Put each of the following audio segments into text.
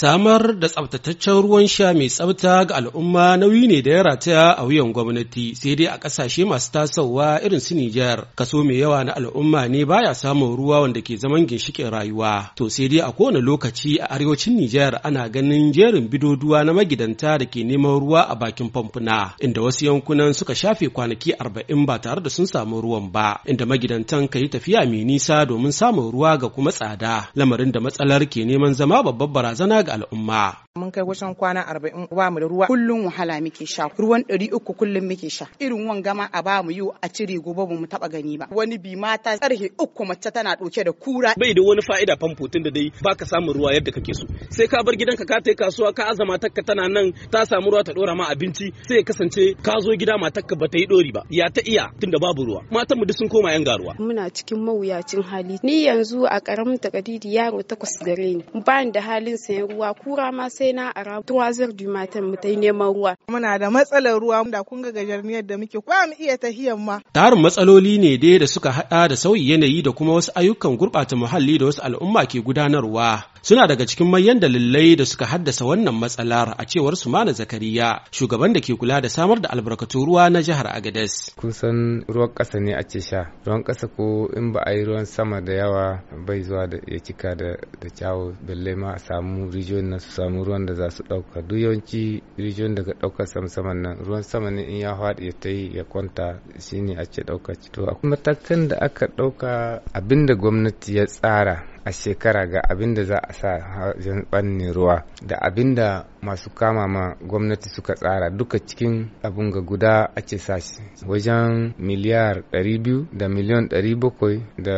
Samar da tsabtataccen ruwan sha mai tsabta ga al'umma nauyi ne da ya rataya a wuyan gwamnati sai dai a ƙasashe masu tasowa irin su Nijar kaso mai yawa na al'umma ne baya samun ruwa wanda ke zaman ginshiƙin rayuwa to sai dai a kowane lokaci a arewacin Nijar ana ganin jerin bidoduwa na magidanta da ke neman ruwa a bakin famfuna inda wasu yankunan suka shafe kwanaki arba'in ba tare da sun samu ruwan ba inda magidantan ka yi tafiya mai nisa domin samun ruwa ga kuma tsada lamarin da matsalar ke neman zama babbar barazana al'umma mun kai wajen kwana arba'in ba mu da ruwa kullum wahala muke sha ruwan ɗari uku kullum muke sha irin wangama gama a ba mu yi a cire gobe ba mu taɓa gani ba wani bi mata ƙarfe uku mace tana ɗauke da kura bai da wani fa'ida famfo tun da dai baka samun ruwa yadda kake so sai ka bar gidanka ka tai kasuwa ka azama takka tana nan ta samu ruwa ta ɗora ma abinci sai ya kasance ka zo gida matakka ba ta yi ɗori ba ya ta iya tun da babu ruwa matan mu duk sun koma yan garuwa muna cikin mawuyacin hali ni yanzu a ƙaramin takadidi yaro takwas gare ni ba da halin sayan ruwa kura ma sai sai na a rabu tuwazar du matan mu ta neman ruwa. Muna da matsalar ruwa da kun ga da muke kwa mu iya tahiyan ma. Tarin matsaloli ne dai da suka haɗa da sauyi yanayi da kuma wasu ayyukan gurɓata muhalli da wasu al'umma ke gudanarwa. Suna daga cikin manyan dalilai da suka haddasa wannan matsalar a cewar Sumana Zakariya, shugaban da ke kula da samar da albarkatun ruwa na jihar Agadez. Kusan ruwan ƙasa ne a ce sha, ruwan ƙasa ko in ba a yi ruwan sama da yawa bai zuwa da ya cika da kyawu balle ma a samu rijiyoyin na su samu ruwan da za su ɗauka duk yawanci rijiyoyin daga ɗaukar sam-saman nan ruwan sama ne in ya faɗi ya ta yi ya kwanta shine ake ɗauka to akwai matakan da aka ɗauka abinda gwamnati ya tsara a shekara ga abin da za a sa hajjan banne ruwa da abin da masu kama ma gwamnati suka tsara duka cikin abin ga guda ake sashi wajen miliyar 200 da miliyan 700 da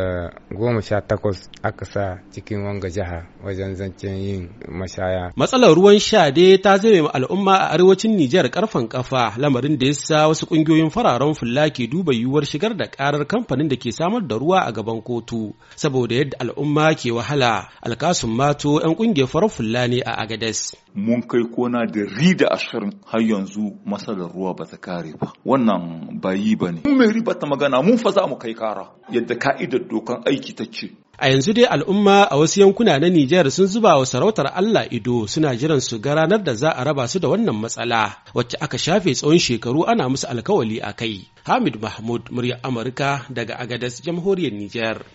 goma sha takwas aka sa cikin wanga jiha wajen zancen yin mashaya. Matsalar ruwan sha dai ta zame al'umma a arewacin Nijar karfan kafa lamarin da ya sa wasu kungiyoyin fararen fulla ke duba yiwuwar shigar da karar kamfanin da ke samar da ruwa a gaban kotu saboda yadda al'umma ke wahala alkasun mato 'yan ƙungiyar farar fulani a agades mun kai kona da rida ashirin har yanzu masalar ruwa ba ta kare ba wannan bayi ba ne mun mai riba ta magana mun fa za mu kai kara yadda ka'idar dokan aiki ta ce a yanzu dai al'umma a wasu yankuna na Nijar sun zuba wa sarautar Allah ido suna jiran su ga ranar da za a raba su da wannan matsala wacce aka shafe tsawon shekaru ana musu alkawali a kai. Hamid Mahmud, murya Amurka daga Agadas, Jamhuriyar Nijar.